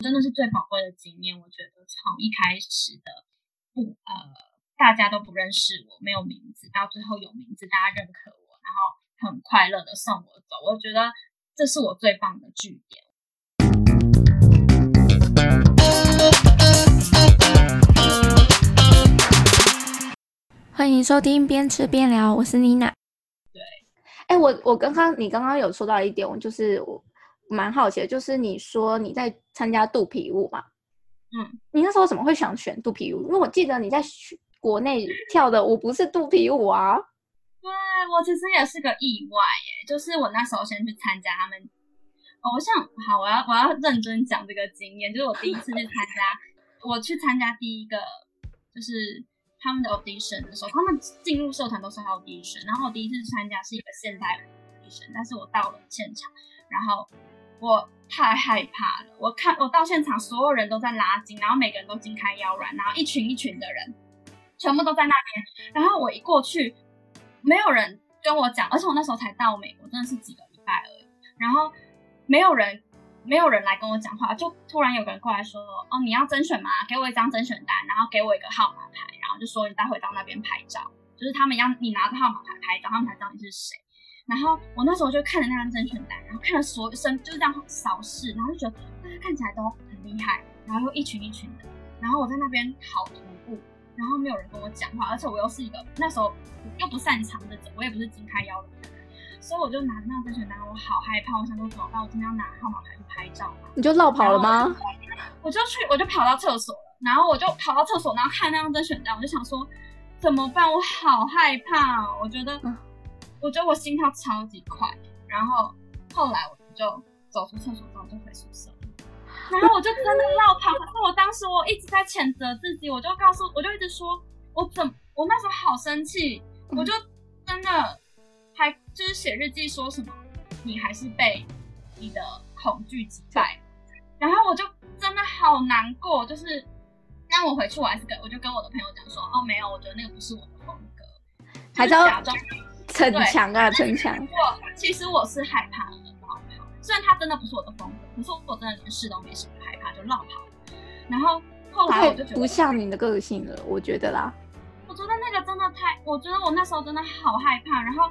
真的是最寶貴的經驗。我覺得從一開始的不呃，大家都不認識我，沒有名字，到最後有名字，大家認可我，然後很快樂的送我走。我覺得這是我最棒的句點。歡迎收聽邊吃邊聊，我是妮娜。對，哎，我我剛剛你剛剛有說到一點，我就是我。蠻好奇的，就是你說你在參加肚皮舞嘛？嗯，你那時候怎麼會想選肚皮舞？因為我記得你在國內跳的舞不是肚皮舞啊。對，我其實也是個意外耶，就是我那時候先去參加他們，哦，我想好，我要我要認真講這個經驗，就是我第一次去參加，Okay. 我去參加第一個就是他們的 audition 的時候，他們進入社團都是 audition，然後我第一次參加是一個現代 audition，但是我到了現場，然後。我太害怕了，我看我到現場，所有人都在拉筋，然後每個人都筋開腰軟，然後一群一群的人，全部都在那邊。然後我一過去，沒有人跟我講，而且我那時候才到美國，真的是幾個禮拜而已。然後沒有人，沒有人來跟我講話，就突然有個人過來說：“哦，你要徵選嗎？給我一張徵選單，然後給我一個號碼牌，然後就說你待會到那邊拍照，就是他們要你拿着號碼牌拍照，他們才知道你是誰。”然後我那時候就看着那張甄選單，然後看了所有生就是這樣掃視，然後就覺得大家看起來都很厲害，然後又一群一群的，然後我在那邊跑徒步，然後沒有人跟我講話，而且我又是一個那時候又不擅長的走，我也不是經開腰的，所以我就拿那張甄選單，我好害怕，我想說怎麼辦？我真的要拿號碼牌去拍照嗎？你就落跑了嗎？我就去，我就跑到廁所，然後我就跑到廁所，然後看那張甄選單，我就想說怎麼辦？我好害怕，我覺得。嗯我覺得我心跳超級快，然後後來我就走出廁所，之後就回宿舍，然後我就真的落跑。然後我當時我一直在譴責自己，我就告訴，我就一直說我怎麼，我那時候好生氣，我就真的還就是寫日記說什麼，你還是被你的恐懼擊敗，然後我就真的好難過。就是當我回去、這個，我還是跟我就跟我的朋友講說，哦，沒有，我覺得那個不是我的風格，還在假裝。逞強啊，逞強！不過，其實我是害怕，落跑。雖然他真的不是我的風格，可是我真的連試都沒試，害怕就落跑，然後後來我就覺得不像你的個性了，我覺得啦。我覺得那個真的太……我覺得我那時候真的好害怕。然後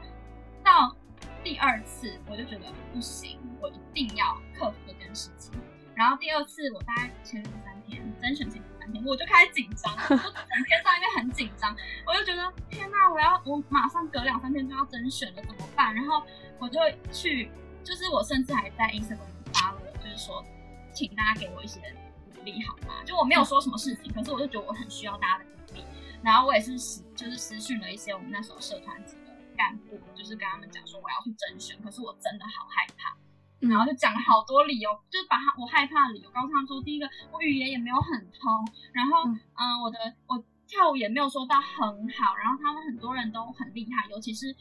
到第二次，我就覺得不行，我一定要克服這件事情。然後第二次，我大概前三天甄選前。我就開始緊張，我就整天上因為很緊張，我就覺得天哪、啊，我要我馬上隔兩三天就要甄選了，怎麼辦？然後我就去，就是我甚至還在 Instagram 發了，就是說，請大家給我一些鼓勵好嗎？就我沒有說什麼事情，嗯、可是我就覺得我很需要大家的鼓勵。然後我也是私就是私訊了一些我們那時候社團級的幹部，就是跟他們講說我要去甄選，可是我真的好害怕。然後就講了好多理由，嗯、就是把他我害怕的理由告訴他們說，第一個我語言也沒有很通，然後嗯、呃、我的我跳舞也沒有說到很好，然後他們很多人都很厲害，尤其是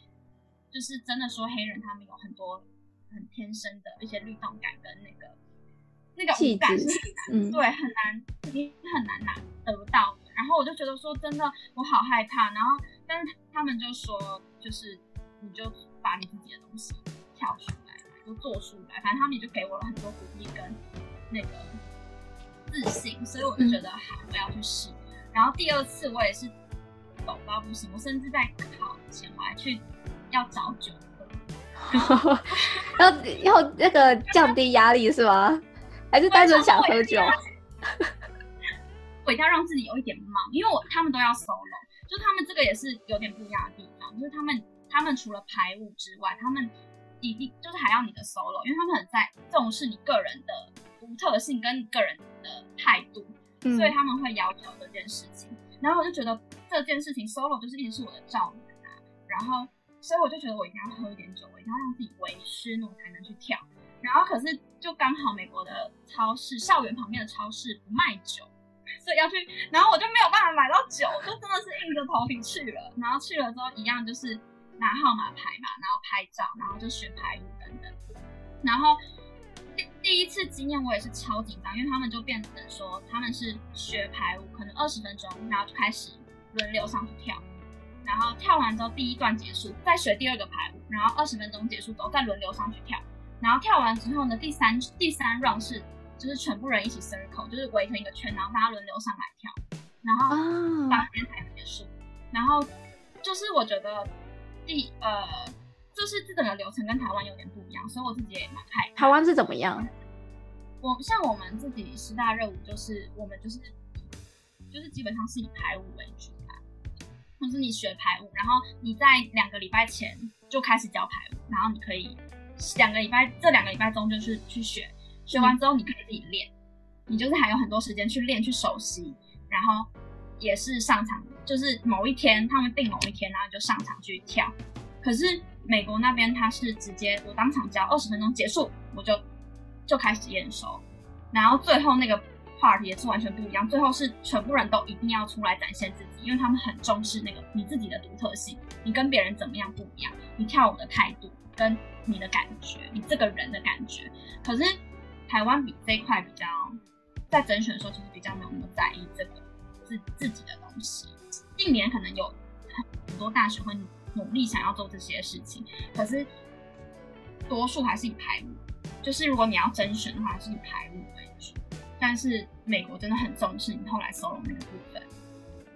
就是真的說黑人他們有很多很天生的一些律動感跟那個那個舞感是很難，對，很難已很難拿得到的，然後我就覺得說真的我好害怕，然後但是他們就說就是你就把你自己的東西跳出來。都做出來，反正他們也就給我了很多鼓勵跟那個自信，所以我就覺得好，我要去試。嗯、然後第二次我也是，抖到不，不行，我甚至在考前我還去要找酒喝， 要要那個降低壓力是嗎？ 還是單純想喝酒？回家 讓自己有一點忙，因為我他們都要 solo，就他們這個也是有點不一樣的地方，就是他們他們除了排舞之外，他們。一定就是還要你的 solo，因為他們很在重視你個人的獨特性跟個人的態度，嗯、所以他們會要求這件事情。然後我就覺得這件事情 solo 就是一直是我的罩門，啊、然後所以我就覺得我一定要喝一點酒，我一定要讓自己微醺，我才能去跳。然後可是就剛好美國的超市，校園旁邊的超市不賣酒，所以要去，然後我就沒有辦法買到酒，就真的是硬着頭皮去了。然後去了之後一樣就是。拿號碼牌嘛，然後拍照，然後就學排舞等等。然後第，第一次經驗我也是超緊張，因為他們就變成說他們是學排舞，可能二十分鐘，然後就開始輪流上去跳。然後跳完之後第一段結束，再學第二個排舞，然後二十分鐘結束之後再輪流上去跳。然後跳完之後呢，第三第三 round 是就是全部人一起 circle，就是圍成一個圈，然後大家輪流上來跳。然後當天才台結束，oh, wow. 然後就是我覺得。第呃，就是這整個的流程跟台灣有點不一樣，所以我自己也蠻害怕。台灣是怎麼樣？我像我們自己師大熱舞，就是我們就是就是基本上是以排舞為主吧。就是你學排舞，然後你在兩個禮拜前就開始教排舞，然後你可以兩個禮拜這兩個禮拜中就是去學，學完之後你可以自己練，嗯、你就是還有很多時間去練去熟悉，然後。也是上場，就是某一天他們定某一天，然後就上場去跳。可是美國那邊他是直接，我當場教二十分鐘結束，我就就開始驗收。然後最後那個 part 也是完全不一樣，最後是全部人都一定要出來展現自己，因為他們很重視那個你自己的獨特性，你跟別人怎麼樣不一樣，你跳舞的態度跟你的感覺，你這個人的感覺。可是台灣比這一塊比較，在甄選的時候其實比較沒有那麼在意這個。自自己的東西，近年可能有很很多大學會努力想要做這些事情，可是多數還是以排舞，就是如果你要甄選的話，還是以排舞為主。但是美國真的很重視你後來 solo 那個部分。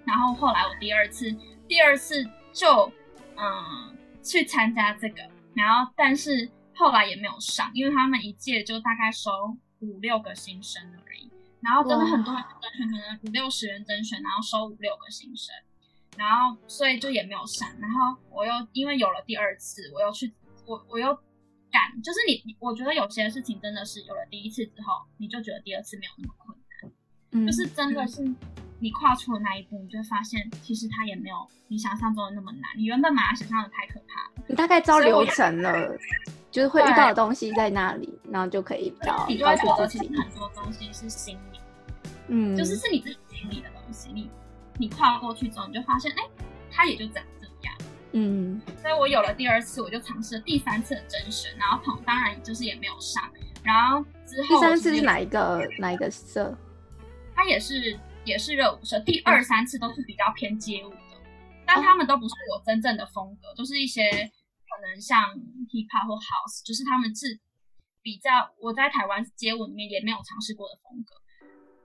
然後後來我第二次，第二次就嗯去參加這個，然後但是後來也沒有上，因為他們一屆就大概收五六個新生而已。然後真的很多人徵選，Wow. 可能五六十人徵選，然後收五六個新生，然後所以就也沒有上。然後我又因為有了第二次，我又去我我又敢。就是你，我覺得有些事情真的是有了第一次之後，你就覺得第二次沒有那麼困難。嗯、就是真的是你跨出了那一步，嗯、你就發現其實它也沒有你想象中的那麼難。你原本把它想象的太可怕了。你大概知道流程了。 就是會遇到的東西在那裡，對然後就可以告告訴其實很多東西是心理，嗯，就是是你自己心理的東西。你你跨過去之後，你就發現，哎、欸，它也就長這樣，嗯。所以我有了第二次，我就嘗試了第三次的甄選，然後朋當然就是也沒有上。然後之後第三次是哪一個哪一個社？它也是也是熱舞社，第二哇三次都是比較偏街舞的，但他們都不是我真正的風格，哦、就是一些。可能像 hip hop 或 house，就是他們是比較我在台灣街舞裡面也沒有嘗試過的風格，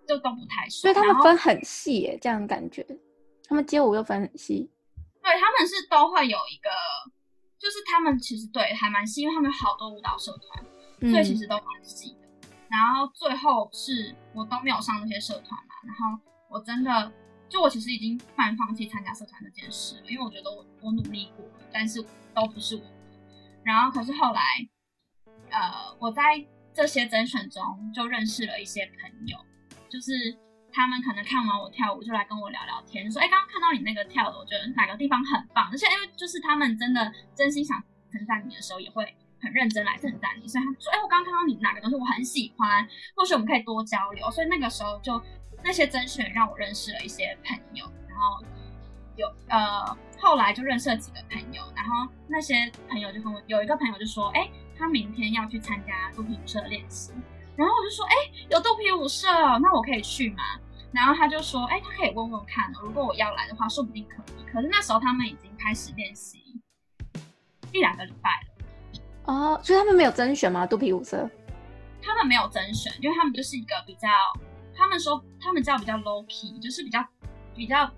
就都不太熟。所以他們分很細、欸，哎，然後這樣感覺，他們街舞又分很細。對，他們是都會有一個，就是他們其實對還蠻細，因為他們好多舞蹈社團，嗯、所以其實都蠻細的。然後最後是我都沒有上那些社團嘛，然後我真的。就我其實已經慢放棄參加社團這件事了，因為我覺得我我努力過，但是都不是我。然後可是後來，呃，我在這些甄選中就認識了一些朋友，就是他們可能看完我跳舞就來跟我聊聊天，說哎，剛、欸、剛看到你那個跳的，我覺得哪個地方很棒，而且因為、欸、就是他們真的真心想稱讚你的時候，也會很認真來稱讚你，所以他說哎、欸，我剛剛看到你哪個東西我很喜歡，或許我們可以多交流，所以那個時候就。那些甄選讓我認識了一些朋友，然後有呃，後來就認識了幾個朋友，然後那些朋友就跟我，有一個朋友就說，哎、欸，他明天要去參加肚皮舞社的練習，然後我就說，哎、欸，有肚皮舞社，那我可以去嗎？然後他就說，哎、欸，他可以問問看，如果我要來的話，說不定可以。可是那時候他們已經開始練習一兩個禮拜了，哦，uh, 所以他們沒有甄選嗎？肚皮舞社？他們沒有甄選，因為他們就是一個比較。他們說他們叫比較 low key，就是比較比較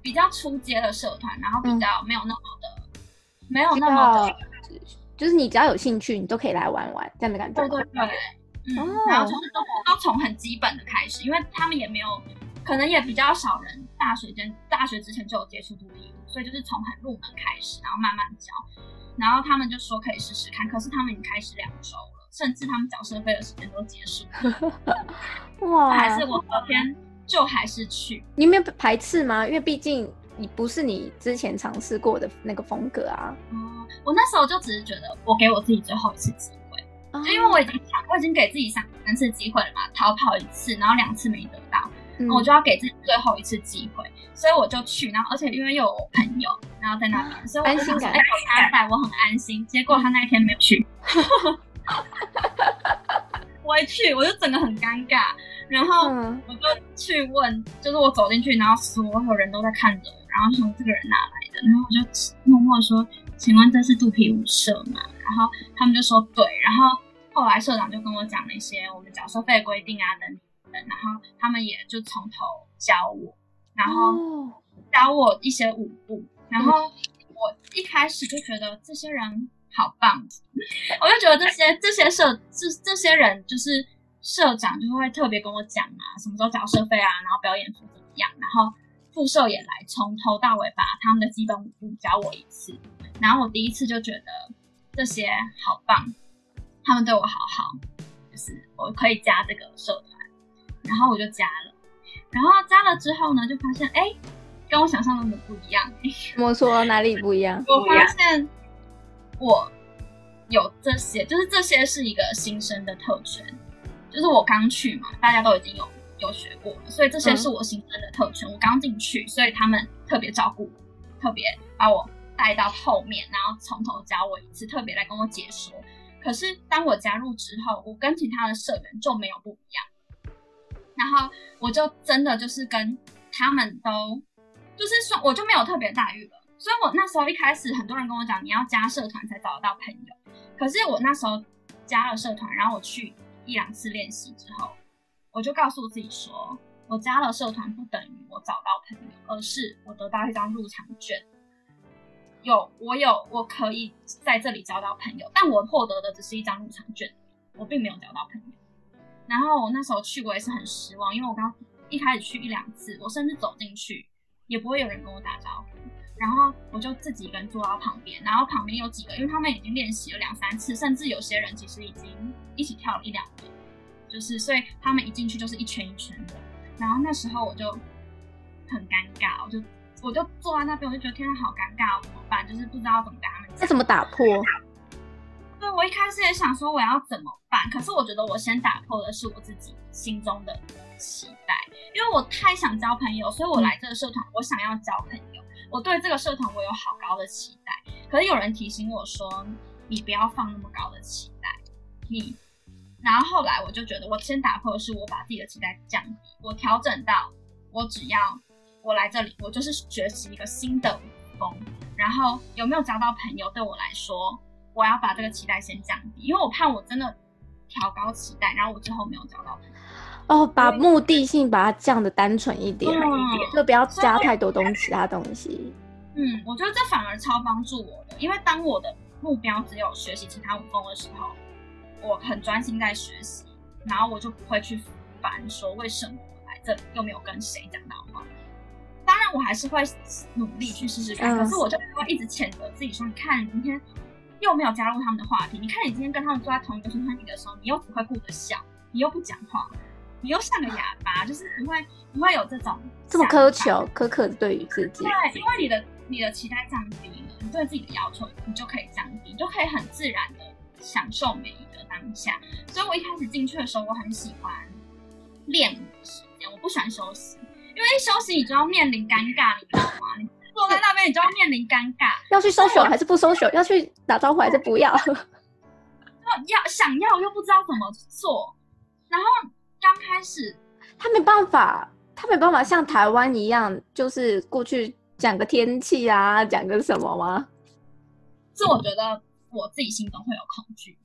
比較初階的社團，然後比較沒有那麼的、嗯、沒有那麼的就，就是你只要有興趣，你都可以來玩玩這樣的感覺。對對對，嗯。Oh. 然後就是都、oh. 都從很基本的開始，因為他們也沒有可能也比較少人大學間大學之前就有接觸肚皮舞，所以就是從很入門開始，然後慢慢教。然後他們就說可以試試看，可是他們已經開始兩週。甚至他們繳社費的時間都結束了。 哇！還是我昨天就還是去。你沒有排斥嗎？因為畢竟你不是你之前嘗試過的那個風格啊。嗯，我那時候就只是覺得我給我自己最後一次機會，哦、就因為我已經想我已經給自己三三次機會了嘛，逃跑一次，然後兩次沒得到，嗯、我就要給自己最後一次機會，所以我就去，然後而且因為有朋友然後在那邊，嗯、所以我就想說，我很安心感。哎、欸，我很安心。結果他那一天沒有去。 哈哈哈！我去， 我就整個很尷尬，然後我就去問，就是我走進去，然後所有人都在看着我，然後說：“這個人哪來的？”然後我就默默地說：“請問這是肚皮舞社嗎？”然後他們就說：“對。”然後後來社長就跟我講了一些我們繳收費規定啊等等，然後他們也就從頭教我，然後教我一些舞步，然後我一開始就覺得這些人。好棒！我就覺得這些這些社這這些人就是社長，就會特別跟我講啊，什麼時候交社費啊，然後表演是怎麼樣，然後副社也來從頭到尾把他們的基本舞步教我一次，然後我第一次就覺得這些好棒，他們對我好好，就是我可以加這個社團，然後我就加了，然後加了之後呢，就發現哎，跟我想象中的不一樣，欸。我說哪裡不一樣？我發現。我有這些，就是這些是一個新生的特權，就是我剛去嘛，大家都已經有有學過了，所以這些是我新生的特權。嗯。我剛進去，所以他們特別照顧，特別把我帶到後面，然後從頭教我一次，特別來跟我解說。可是當我加入之後，我跟其他的社員就沒有不一樣，然後我就真的就是跟他們都，就是說我就沒有特別待遇了。所以，我那時候一開始，很多人跟我講，你要加社團才找得到朋友。可是我那時候加了社團，然後我去一兩次練習之後，我就告訴我自己說，我加了社團不等於我找到朋友，而是我得到一張入場券。有，我有，我可以在這裡找到朋友，但我獲得的只是一張入場券，我並沒有找到朋友。然後我那時候去過也是很失望，因為我剛一開始去一兩次，我甚至走進去也不會有人跟我打招呼。然後我就自己一個人坐到旁邊，然後旁邊有幾個，因為他們已經練習了兩三次，甚至有些人其實已經一起跳了一兩年，就是所以他們一進去就是一圈一圈的。然後那時候我就很尷尬，我就我就坐在那邊，我就覺得天啊，好尷尬，我怎麼辦？就是不知道怎麼跟他們打。怎麼打破？對、嗯，所以我一開始也想說我要怎麼辦，可是我覺得我先打破的是我自己心中的期待，因為我太想交朋友，所以我來這個社團，嗯、我想要交朋友。我對這個社團我有好高的期待，可是有人提醒我說，你不要放那麼高的期待，你、嗯。然後後來我就覺得，我先打破的是我把自己的期待降低，我調整到我只要我來這裡，我就是學習一個新的武功，然後有沒有交到朋友對我來說，我要把這個期待先降低，因為我怕我真的調高期待，然後我之後沒有交到朋友。哦，oh, 對把目的性把它降得單純一點，對就不要加太多東西。其他東西。嗯，我覺得這反而超幫助我的，因為當我的目標只有學習其他舞功的時候，我很專心在學習，然後我就不會去煩說，為什麼來這裡，又沒有跟誰講到話。當然，我還是會努力去試試看，是可是我就不會一直譴責自己說，嗯、你看你今天又沒有加入他們的話題，是你看你今天跟他們坐在同一個團體的時候，你又不會顧著笑，你又不講話。你又像個啞巴，就是不會不會有這種這麼苛求苛刻的對於自己。對，因為你的你的期待降低了，你對自己的要求你就可以降低，你就可以很自然的享受每一個當下。所以我一開始進去的時候，我很喜歡練舞，我不喜歡休息，因為一休息你就要面臨尷尬，你知道嗎？你坐在那邊你就要面臨尷尬，是要去收手還是不收手？要去打招呼還是不要？ 要想要又不知道怎麼做，然後。剛開始，他沒辦法，他沒辦法像台灣一樣，就是過去講個天氣啊，講個什麼嗎？是我覺得我自己心中會有恐懼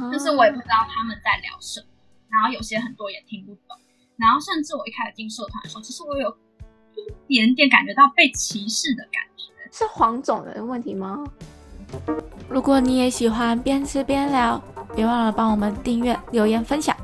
，uh huh. 但是我也不知道他們在聊什麼，然後有些很多也聽不懂，然後甚至我一開始進社團的時候，其實我有，一點點感覺到被歧視的感覺，是黃種人的問題嗎？如果你也喜歡邊吃邊聊。別忘了幫我們訂閱、留言、分享。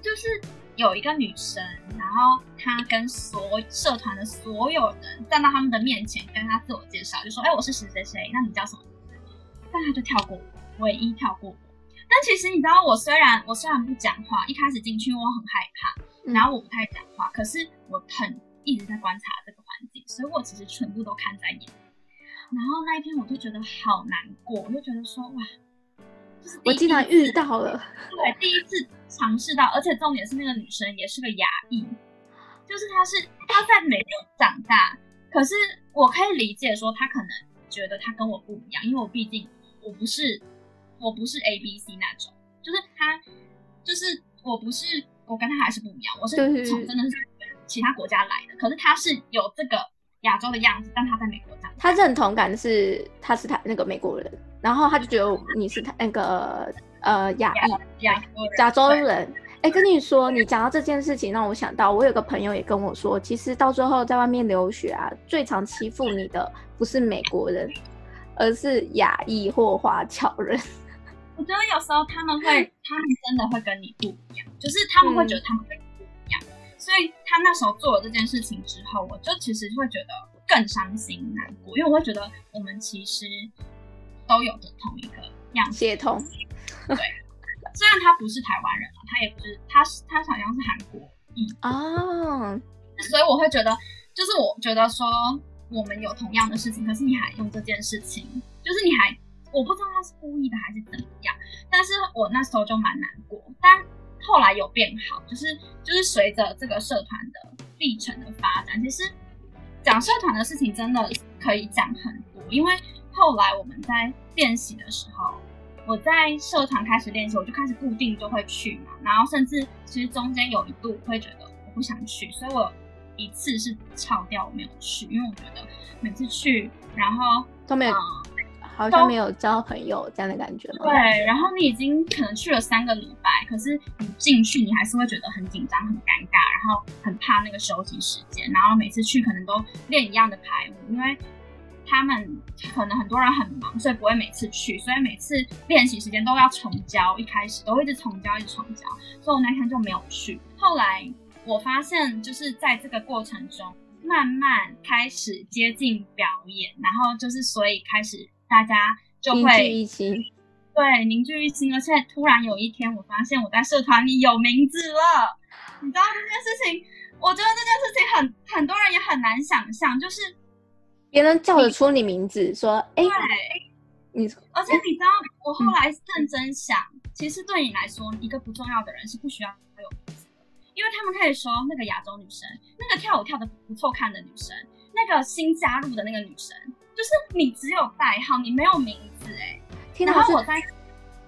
就是有一個女生，然後她跟所有社團的所有人站到他們的面前，跟他自我介紹，就說：“哎，我是誰誰誰，那你叫什麼名字？”但他就跳過我，唯一跳過我。但其實你知道，我雖然我雖然不講話，一開始進去我很害怕，然後我不太講話，可是我很一直在觀察這個環境，所以我其實全部都看在眼裡。然後那一天我就覺得好難過，我就覺得說哇，就是、我竟然遇到了，對，第一次嘗試到，而且重點是那個女生也是個亞裔，就是她是她在美國長大，可是我可以理解說她可能覺得她跟我不一樣，因為我畢竟我不是我不是 ABC 那種，就是她就是我不是我跟她還是不一樣，我是從真的是從其他國家來的，可是她是有這個。亞洲的樣子，但他在美國長。他認同感是他是他那個美國人，然後他就覺得你是他那個呃亞裔、亞洲人。哎，跟你說，對你講到這件事情，讓我想到，我有個朋友也跟我說，其實到最後在外面留學啊，最常欺負你的不是美國人，而是亞裔或華僑人。我覺得有時候他們會，對他們真的會跟你不一樣，就是他們會覺得他們。跟。所以他那時候做了這件事情之後，我就其實會覺得更傷心難過，因為我會覺得我們其實都有着同一個樣子。血統。 對，雖然他不是台灣人，他也不、就是，他是他好像是韓國、嗯 oh. 所以我會覺得，就是我覺得說我們有同樣的事情，可是你還用這件事情，就是你還，我不知道他是故意的還是怎麼樣，但是我那時候就蠻難過，但。後來有變好，就是就是隨着這個社團的歷程的發展，其實講社團的事情真的可以講很多。因為後來我們在練習的時候，我在社團開始練習，我就開始固定就會去嘛。然後甚至其實中間有一度會覺得我不想去，所以我一次是翹掉我沒有去，因為我覺得每次去，然後都沒有。面好像沒有交朋友都這樣的感覺嗎?對，然後你已經可能去了三個禮拜，可是你進去你還是會覺得很緊張、很尷尬，然後很怕那個休息時間，然後每次去可能都練一樣的排舞，因為他們可能很多人很忙，所以不會每次去，所以每次練習時間都要重教，一開始都一直重教一直重教。所以我那天就沒有去。後來我發現，就是在這個過程中，慢慢開始接近表演，然後就是所以開始。大家就會凝聚一心，對，凝聚一心。而且突然有一天，我發現我在社團裡有名字了。你知道這件事情，我覺得這件事情很很多人也很難想象，就是別人叫得出你名字，說哎，你。而且你知道，我後來認真想，嗯，其實對你來說，一個不重要的人是不需要他有名字，因為他們可以說那個亞洲女生，那個跳舞跳的不錯看的女生，那個新加入的那個女生。就是你只有代號，你沒有名字哎、欸。聽到 然後我在，是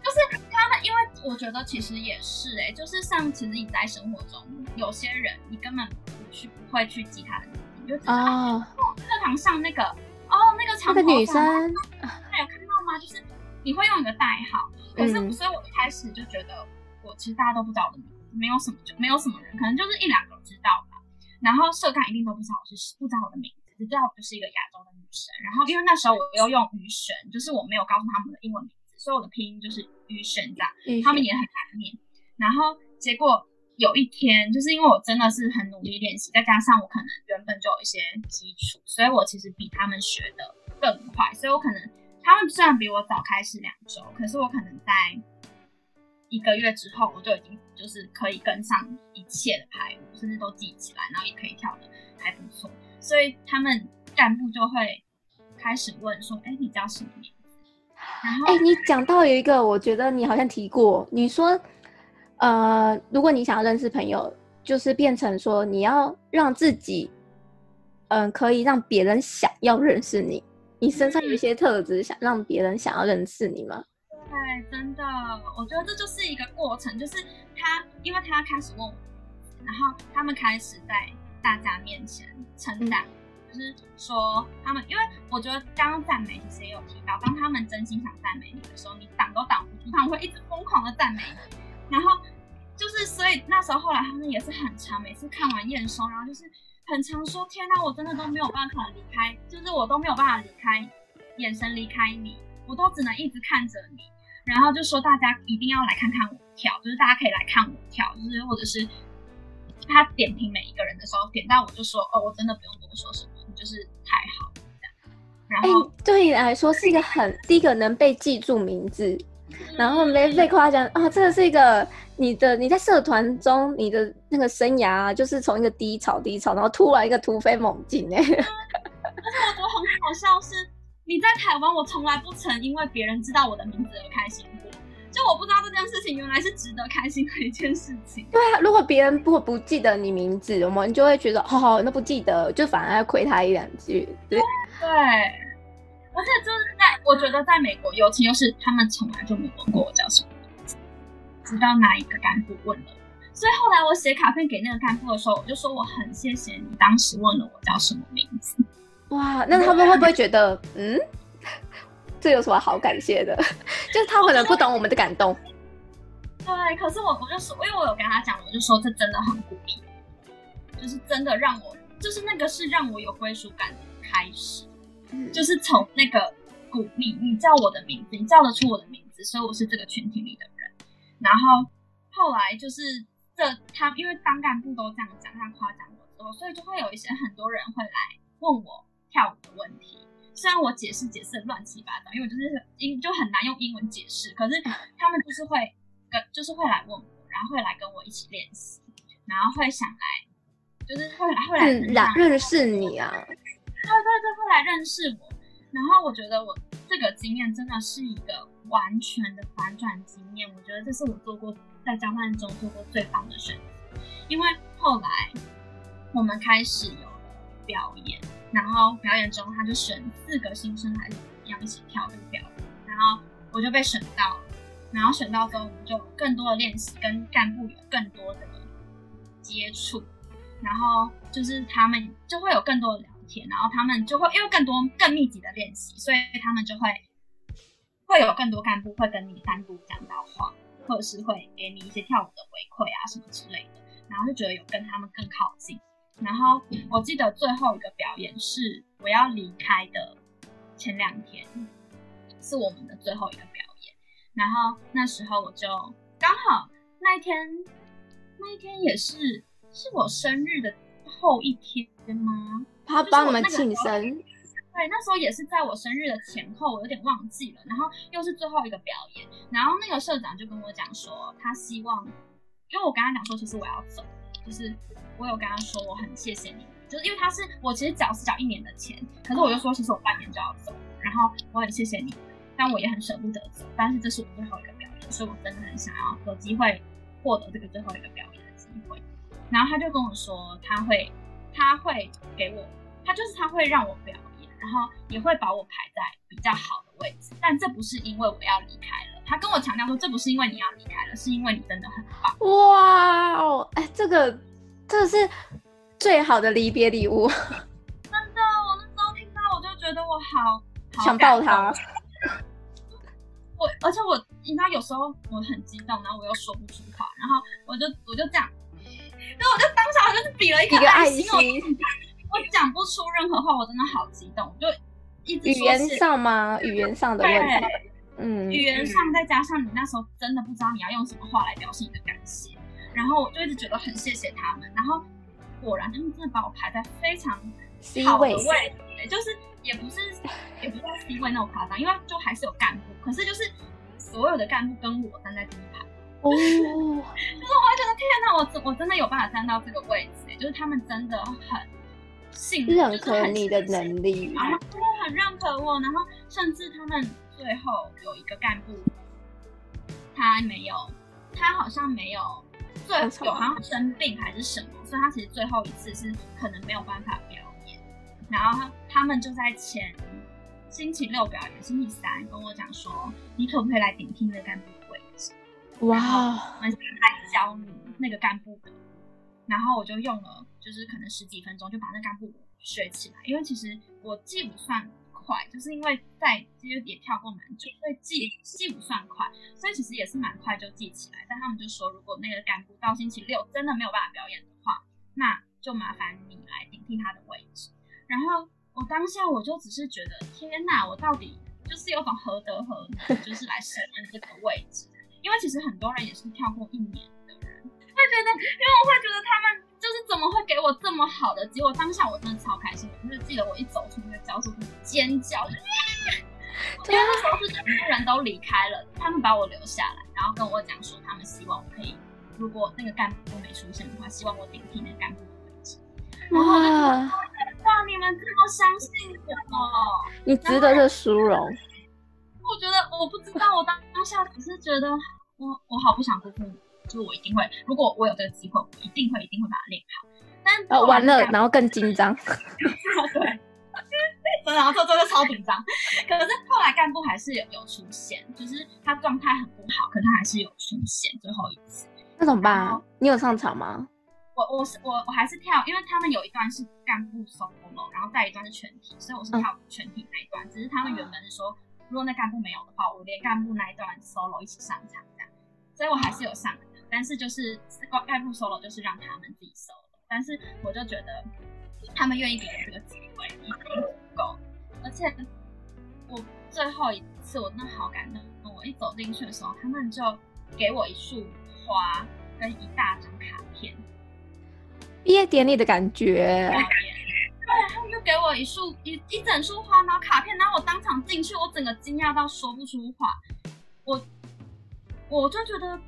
就是他們，因為我覺得其實也是哎、欸，就是像其實你在生活中有些人，你根本去不會去記他的名字，你就知道、oh. 啊。課、哦、堂上那個哦，那個長頭髮他有看到嗎？就是你會用一個代號，嗯、可是所以我一開始就覺得我其實大家都不知道我的名字，沒有什麼就沒有什麼人，可能就是一兩個知道吧。然後社團一定都不知道我是不知道我的名字，知道我就是一個亞洲的名字。然後，因為那時候我又用魚神，就是我沒有告訴他們的英文名字，所以我的拼音就是魚神這樣，玄他們也很難念。然後，結果有一天，就是因為我真的是很努力練習，再加上我可能原本就有一些基礎，所以我其實比他們學的更快。所以我可能他們雖然比我早開始兩周，可是我可能在一個月之後，我就已經就是可以跟上一切的排舞，甚至都記起來，然後也可以跳的還不錯。所以他們。幹部就會開始問說：“哎、欸，你叫什麼名？”然後哎、欸，你講到有一個，我覺得你好像提過，你說，呃，如果你想要認識朋友，就是變成說你要讓自己，嗯、呃，可以讓別人想要認識你。你身上有一些特質，想讓別人想要認識你嗎？對，真的，我覺得這就是一個過程，就是他，因為他開始問，然後他們開始在大家面前承擔。嗯。就是說，他們因為我覺得剛剛讚美其實也有提到，當他們真心想讚美你的時候，你擋都擋不住，他們會一直瘋狂的讚美你。然後就是，所以那時候後來他們也是很常，每次看完驗收，然後就是很常說：“天哪，我真的都沒有辦法離開，就是我都沒有辦法離開眼神離開你，我都只能一直看着你。”然後就說大家一定要來看看我跳，就是大家可以來看我跳，就是或者是他點評每一個人的時候，點到我就說：“哦，我真的不用多說什麼。”就是太好，這樣。哎、欸，對你來說是一個很對第一個能被記住名字，嗯、然後沒被誇獎啊對、哦，這個是一個你的你在社團中你的那個生涯、啊，就是從一個低潮低潮，然後突然一個突飛猛進哎。而且我覺得很好笑是，是你在台灣，我從來不曾因為別人知道我的名字而開心。就我不知道這件事情原來是值得開心的一件事情。對啊，如果別人不不記得你名字，我們就會覺得哦，那不記得，就反而要虧他一兩句。對對，而且就是在我覺得在美國，尤其就是他們從來就沒問過我叫什麼名字，直到哪一個幹部問了。所以後來我寫卡片給那個幹部的時候，我就說我很謝謝你當時問了我叫什麼名字。哇，那他們會不會覺得嗯？這有什麼好感謝的？ 就是他可能不懂我們的感動。對，對，可是我我就說，是，因為我有跟他講，我就說這真的很鼓勵，就是真的讓我，就是那個是讓我有歸屬感的開始。就是從那個鼓勵，你叫我的名字，你叫得出我的名字，所以我是這個群體裡的人。然後後來就是這他，因為當幹部都這樣講，他誇獎我之後，所以就會有一些很多人會來問我跳舞的問題。雖然我解釋解釋的亂七八糟，因為我就是英就很難用英文解釋，可是他們就是會跟就是會來問我，然後會來跟我一起練習，然後會想來就是會來、嗯、會來認識你啊，對對對，會來認識我，然後我覺得我這個經驗真的是一個完全的反轉經驗，我覺得這是我做過在交換中做過最棒的選擇，因為後來我們開始有。表演，然後表演中他就選四個新生，還是一樣一起跳舞表演。然後我就被選到，然後選到之後我們就更多的練習，跟幹部有更多的接觸，然後就是他們就會有更多的聊天，然後他們就會因為更多更密集的練習，所以他們就會會有更多幹部會跟你單獨講到話，或者是會給你一些跳舞的回饋啊什麼之類的，然後就覺得有跟他們更靠近。然後我記得最後一個表演是我要離開的前兩天，是我們的最後一個表演。然後那時候我就剛好那一天，那一天也是是我生日的後一天嗎？他幫我們慶生那個。對，那時候也是在我生日的前後，我有點忘記了。然後又是最後一個表演，然後那個社長就跟我講說，他希望，因為我跟他講說，其實我要走。就是我有跟他說，我很謝謝你，就是因為他是我其實繳是繳一年的錢，可是我就說其實我半年就要走，然後我很謝謝你，但我也很捨不得走，但是這是我最後一個表演，所以我真的很想要有機會獲得這個最後一個表演的機會，然後他就跟我說他會他會給我，他就是他會讓我表演。然後也會把我排在比較好的位置，但這不是因為我要離開了。他跟我強調說，這不是因為你要離開了，是因為你真的很棒。哇哦，哎，這個這是最好的離別禮物。 真的，我那時候聽到，我就覺得我好好想抱他。 我而且我應該有時候我很激動，然後我又說不出話，然後我就我就這樣，那我就當場就是比了一個愛心哦。就 我講不出任何話，我真的好激動，就一直語言上嗎？語言上的問題，嗯、欸，語言上再加上你那時候真的不知道你要用什麼話來表示你的感謝，嗯、然後我就一直覺得很謝謝他們，然後果然他們真的把我排在非常好的位置 C、欸，就是也不是也不是 C 位那麼誇張，因為就還是有幹部，可是就是所有的幹部跟我站在第一排，哦、oh. 就是，就是我覺得天哪、啊，我我真的有辦法站到這個位置、欸，就是他們真的很。就是、認可你的能力，然後很認可我，然後甚至他們最後有一個幹部，他沒有，他好像沒有，最後好像生病還是什麼，所以他其實最後一次是可能沒有辦法表演，然後他他們就在前星期六表演，星期三跟我講說，你可不可以來頂替那個幹部位置？哇，我們他教你那個幹部。然後我就用了，就是可能十幾分鐘就把那幹部學起來，因為其實我記不算快，就是因為在其實也跳過蠻久，所以記記不算快，所以其實也是蠻快就記起來。但他們就說，如果那個幹部到星期六真的沒有辦法表演的話，那就麻煩你來頂替他的位置。然後我當下我就只是覺得，天吶，我到底就是有種何德何能，就是來勝任這個位置？因為其實很多人也是跳過一年。覺得，因為我會覺得他們就是怎麼會給我這麼好的結果。當下我真的超開心的，我就記得我一走出那個教室，尖叫，因為、啊、那時候是全部人都離開了，他們把我留下來，然後跟我講說，他們希望我可以，如果那個幹部都沒出現的話，希望我頂替那個幹部的。我哇，哇，你們這麼相信我，你值得的殊榮。我覺得我不知道，我當當下只是覺得我，我我好不想辜負你。就我一定會，如果我有這個機會，我一定會一定會把它練好。但、啊、完了，然後更緊張 對，對，然後做做就超緊張。可是後來幹部還是有，有出現，就是他狀態很不好，可是他還是有出現最後一次。那怎麼辦、啊？然後、你有上場嗎？我我是我我還是跳，因為他們有一段是幹部 solo，然後帶一段是全體，所以我是跳全體那一段。嗯、只是他們原本是說，如果那幹部沒有的話，我連幹部那一段 solo 一起上場，所以我還是有上。但是就是外部 solo 就是讓他們自己收了，但是我就覺得他們願意給我這個機會已經足夠，而且，我最後一次我真的好感動，我一走進去的時候，他們就給我一束花跟一大張卡片，畢業典禮的感覺，對，他們就給我一束一一整束花，然後卡片，然後我當場進去，我整個驚訝到說不出話，我我就覺得。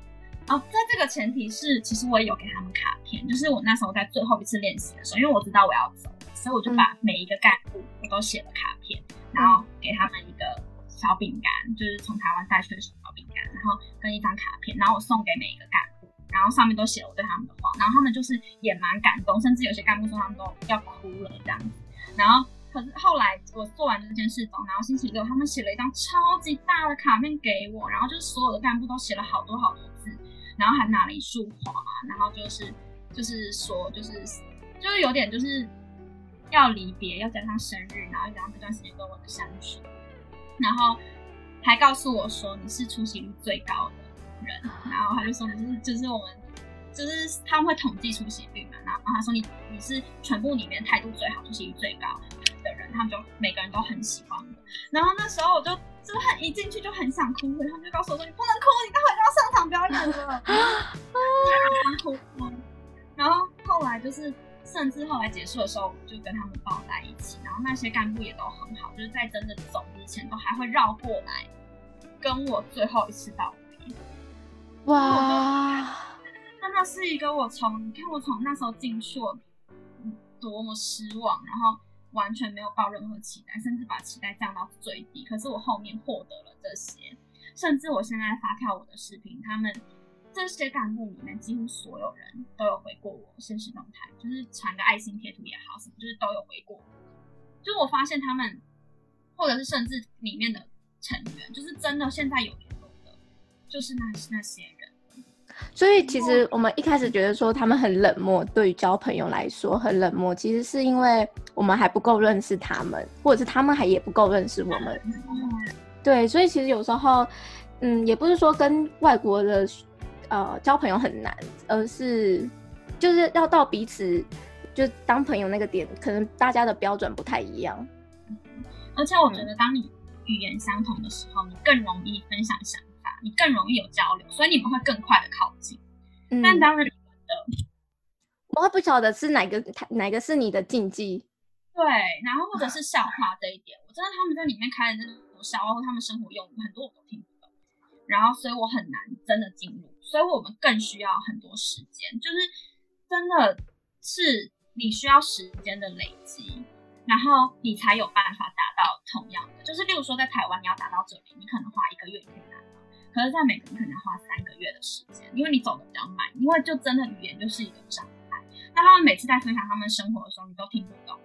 哦，在這個前提是，其實我也有給他們卡片，就是我那時候在最後一次練習的時候，因為我知道我要走了，所以我就把每一個幹部我都寫了卡片，然後給他們一個小餅乾，就是從台灣帶去的小餅乾，然後跟一張卡片，然後我送給每一個幹部，然後上面都寫了我對他們的話，然後他們就是也蠻感動，甚至有些幹部說他們都要哭了這樣子。然後可是後來我做完這件事走，然後星期六他們寫了一張超級大的卡片給我，然後就是所有的幹部都寫了好多好多字。然後還拿了一束花，然後就是就是說就是就是有點就是要離別，要加上生日，然後加上這段時間跟我的相處，然後還告訴我說，你是出席率最高的人，然後他就說你就是就是我們就是他們會統計出席率嘛，然後然後他說你你是全部裡面態度最好，出席率最高。他們就每個人都很喜歡我，然後那時候我就就很一進去就很想哭，他們就告訴我說：說你不能哭，你待會兒就要上場表演了。然後後來就是，甚至後來結束的時候，我就跟他們抱在一起。然後那些幹部也都很好，就是在真的走之前，都還會繞過來跟我最後一次道別。哇！那那是一個我從你看我從那時候進去，我多麼失望，然後。完全沒有抱任何期待，甚至把期待降到最低。可是我後面獲得了這些，甚至我現在發跳舞我的視頻，他們這些幹部裡面幾乎所有人都有回過我的限時動態，就是傳個愛心貼圖也好，什麼就是都有回過我。就我發現他們，或者是甚至裡面的成員，就是真的現在有聯絡的，就是那那些。所以其實我們一開始覺得說他們很冷漠，對於交朋友來說很冷漠，其實是因為我們還不夠認識他們，或者是他們還也不夠認識我們。對，所以其實有時候，嗯，也不是說跟外國的，呃，交朋友很難，而是就是要到彼此就當朋友那個點，可能大家的標準不太一樣。而且我覺得當你語言相同的時候，你更容易分享一下。你更容易有交流，所以你們會更快的靠近。嗯、但當然的，我會不曉得是哪個，哪個是你的禁忌。對，然後或者是笑話這一點，啊、我真的他們在裡面開的那些玩笑，他們生活用語很多我都聽不懂，然後所以我很難真的進入。所以我們更需要很多時間，就是真的是你需要時間的累積，然後你才有辦法達到同樣的。就是例如說在台灣，你要達到這裡，你可能花一個月也很難。可是，在美國可能花三個月的時間，因為你走的比較慢，因為就真的語言就是一個障礙。那他們每次在分享他們生活的時候，你都聽不懂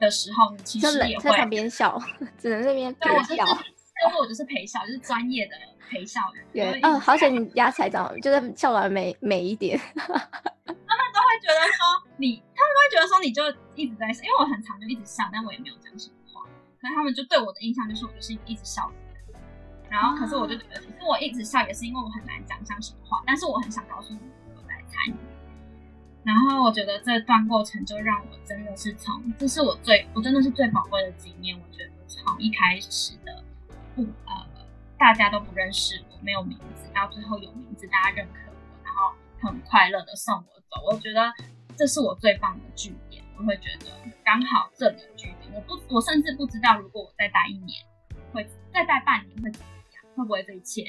的時候，你其實也會在旁邊笑，只能這邊陪笑。因為、啊、好我就是陪笑，就是專業的陪笑人。嗯，好險，你壓起來長就是笑完美美一點。 他們都會覺得說你，他們會覺得說你就一直在笑，因為我很常就一直笑，但我也沒有講什麼話，可是他們就對我的印象就是我就是一直笑。然後，可是我就覺得，其實我一直笑也是因為我很難講上什麼話，但是我很想告訴你我來參與。然後我覺得這段過程就讓我真的是從，這是我最，我真的是最寶貴的經驗。我覺得從一開始的不呃大家都不認識我，沒有名字，到最後有名字，大家認可我，然後很快樂的送我走，我覺得這是我最棒的句點。我會覺得剛好這裡有句點，我不，我甚至不知道如果我再待一年，會再待半年會。會不會這一切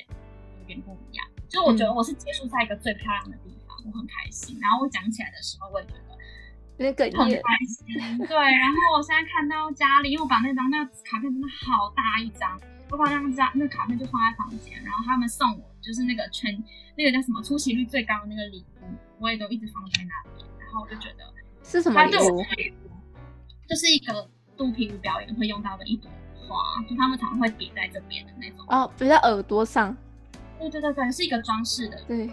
有點不一樣？就是我覺得我是結束在一個最漂亮的地方，嗯、我很開心。然後我講起來的時候，我也覺得那個很開心。對，然後我現在看到家裡，因為我把那張那卡片真的好大一張，我把那張那卡片就放在房間。然後他們送我就是那個全那個叫什麼出席率最高的那個禮物，我也都一直放在那裡。然後我就覺得是什麼禮物？就是一個肚皮舞表演會用到的一朵。就他們常常會戴在這邊的那種哦，oh, 比如在耳朵上。對對對對，是一個裝飾的對，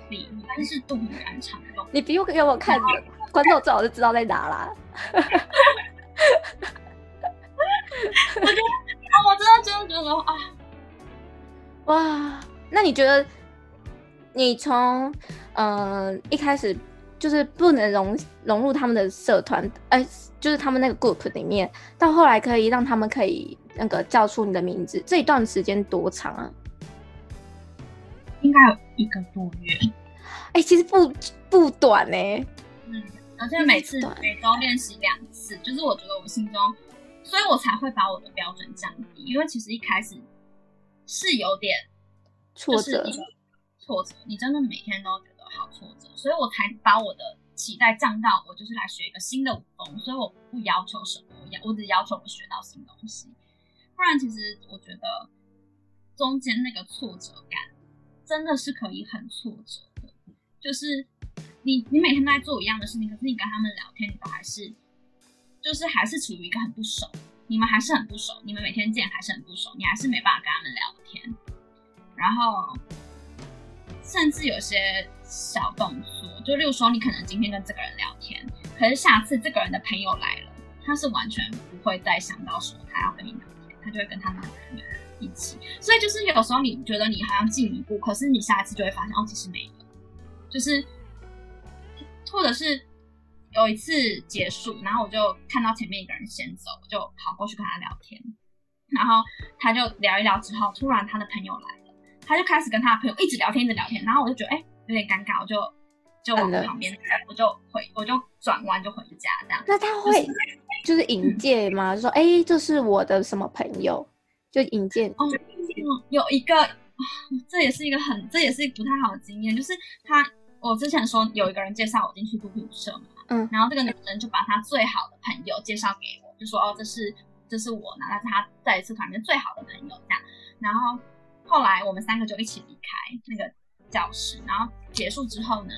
但是度很常你比我給我看的好觀眾最好就知道在哪啦。 我真啊，我真的覺得啊，哇！那你覺得你從嗯、呃、一開始就是不能融融入他們的社團，哎、呃，就是他們那個 group 裡面，到後來可以讓他們可以。那個叫出你的名字，這一段時間多長啊？應該有一個多月。哎、欸，其實不不短呢、欸。嗯，而且每次每周練習兩次，就是我覺得我心中，所以我才會把我的標準降低，因為其實一開始是有點、就是、挫折，挫折，你真的每天都覺得好挫折，所以我才把我的期待降到我就是來學一個新的武功，所以我不要求什麼，我要我只要求我學到新東西。不然，其實我覺得中間那個挫折感真的是可以很挫折的。就是你你每天都在做一樣的事情，可是你跟他們聊天，你都還是就是還是處於一個很不熟，你們還是很不熟，你們每天見還是很不熟，你還是沒辦法跟他們聊天。然後甚至有些小動作，就例如說，你可能今天跟這個人聊天，可是下次這個人的朋友來了，他是完全不會再想到說他要跟你聊天。他就會跟他男朋友一起，所以就是有時候你覺得你好像進一步，可是你下一次就會發現哦，其實沒有，就是或者是有一次結束，然後我就看到前面一個人先走，我就跑過去跟他聊天，然後他就聊一聊之後，突然他的朋友來了，他就開始跟他的朋友一直聊天，一直聊天，然後我就覺得哎、欸、有點尷尬，我就就往旁邊，嗯、的我就回，我就轉彎就回家，這樣。那他會？就是引薦嘛，嗯、說哎，這是我的什麼朋友，就引薦。哦，有一個，這也是一個很，這也是一個不太好的經驗，就是他，我之前說有一個人介紹我進去肚皮舞社嘛，嗯，然後這個女生就把她最好的朋友介紹給我，就說哦，這是，這是我呢，那是他在社團裡面最好的朋友這樣。然後後來我們三個就一起離開那個教室，然後結束之後呢，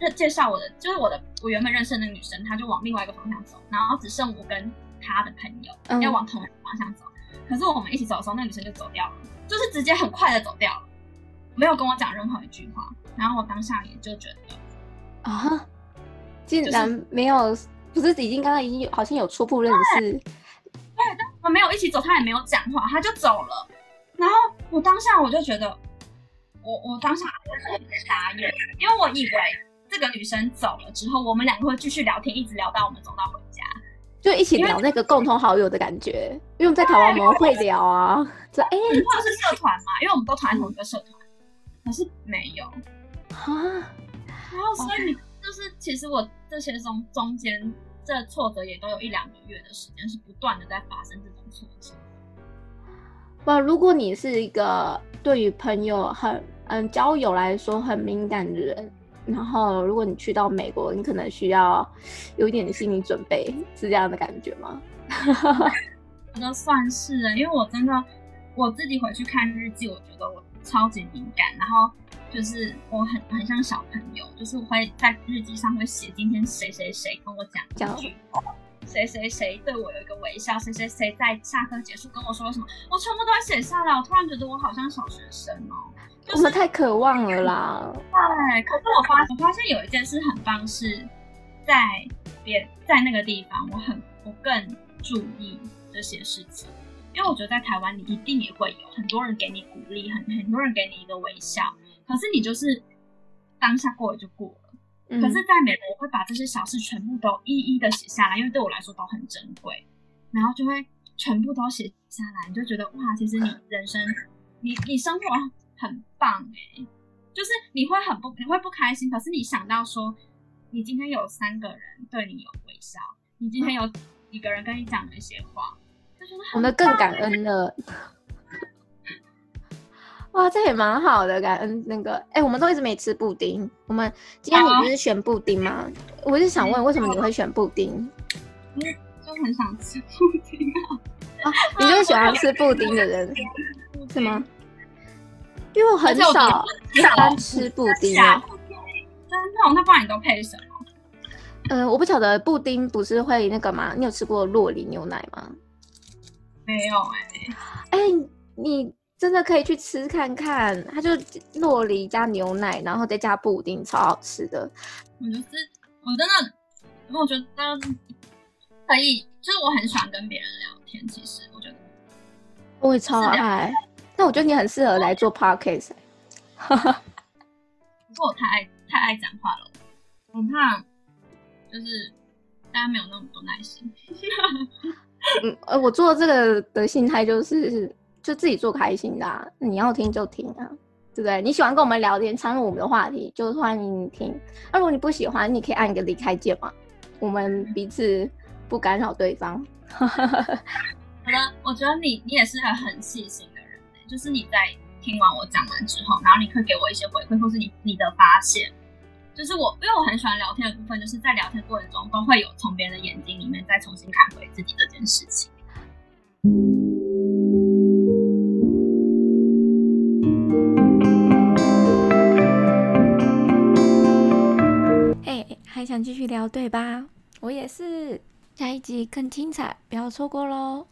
就介紹我的，就是我的，我原本認識的那個女生，她就往另外一個方向走，然後只剩我跟她的朋友、嗯、要往同一個方向走。可是我們一起走的時候，那女生就走掉了，就是直接很快的走掉了，沒有跟我講任何一句話。然後我當下也就覺得，啊，竟然沒有，不是已經剛剛已經有好像有初步認識，對，但我沒有一起走，她也沒有講話，她就走了。然後我當下我就覺得，我我當下我是很傻眼， 因為我以為。這個女生走了之後，我們兩個會繼續聊天，一直聊到我們走到回家，就一起聊那個共同好友的感覺。因為，因為我們在台灣我們會聊啊，就哎對，欸、你怕是社團嗎、嗯、因為我們都團同一個社團，可是沒有啊。蛤然後所以你就是，其實我這些中中間這挫折也都有一兩個月的時間，是不斷的在發生這種挫折。哇，如果你是一個對於朋友很嗯交友來說很敏感的人。嗯然後，如果你去到美國，你可能需要有一點心理準備，是這樣的感覺嗎？ 我覺得算是了，因為我真的我自己回去看日記，我覺得我超級敏感，然後就是我很很像小朋友，就是我會在日記上會寫今天誰誰誰跟我講一句講、哦，誰誰誰對我有一個微笑，誰誰誰在下課結束跟我說什麼，我全部都要寫下來，我突然覺得我好像小學生哦。就是、我們太渴望了啦！哎，可是我發我發現有一件事很棒，是在別在那個地方，我很我更注意這些事情，因為我覺得在台灣，你一定也會有很多人給你鼓勵，很很多人給你一個微笑，可是你就是當下過了就過了。可是在美國，我會把這些小事全部都一一的寫下來，因為對我來說都很珍貴，然後就會全部都寫下來，你就覺得哇，其實你人生，你你生活。很棒哎、欸，就是你會很不，你會不開心。可是你想到說，你今天有三個人對你有微笑，你今天有一個人跟你講那些話，欸、我們更感恩了。哇，這也蠻好的，感恩那個哎、欸，我們都一直沒吃布丁，我們今天你不是選布丁嗎？我就想問，為什麼你會選布丁？因為、嗯、就很想吃布丁啊，啊！你就是喜歡吃布丁的人， 是嗎？因為我很少單吃布丁，真的。那不然你都配什麼？嗯，我不曉得布丁不是會那個嗎？你有吃過酪梨牛奶嗎？沒有哎、欸，哎、欸，你真的可以去吃看看，它就酪梨加牛奶，然後再加布丁，超好吃的。我覺得我真的，因為我覺得可以，就是我很喜歡跟別人聊天，其實我覺得我也超愛。那我覺得你很適合來做 podcast，哈哈。不過、哦、 我太愛太愛講話了，我怕就是大家沒有那麼多耐心。 嗯呃，我做這個的心態就是就自己做開心的，啊，你要聽就聽啊，對不對？你喜歡跟我們聊天，參與我們的話題，就歡迎你聽。那如果你不喜歡，你可以按一個離開鍵嘛，我們彼此不干擾對方。 好的，我覺得你你也是很細心。就是你在聽完我講完之後，然後你可以給我一些回饋，或是你你的發現。就是我，因為我很喜歡聊天的部分，就是在聊天過程中都會有從別人的眼睛裡面再重新看回自己這件事情。嘿，還想繼續聊對吧？我也是，下一集更精彩，不要錯過嘍！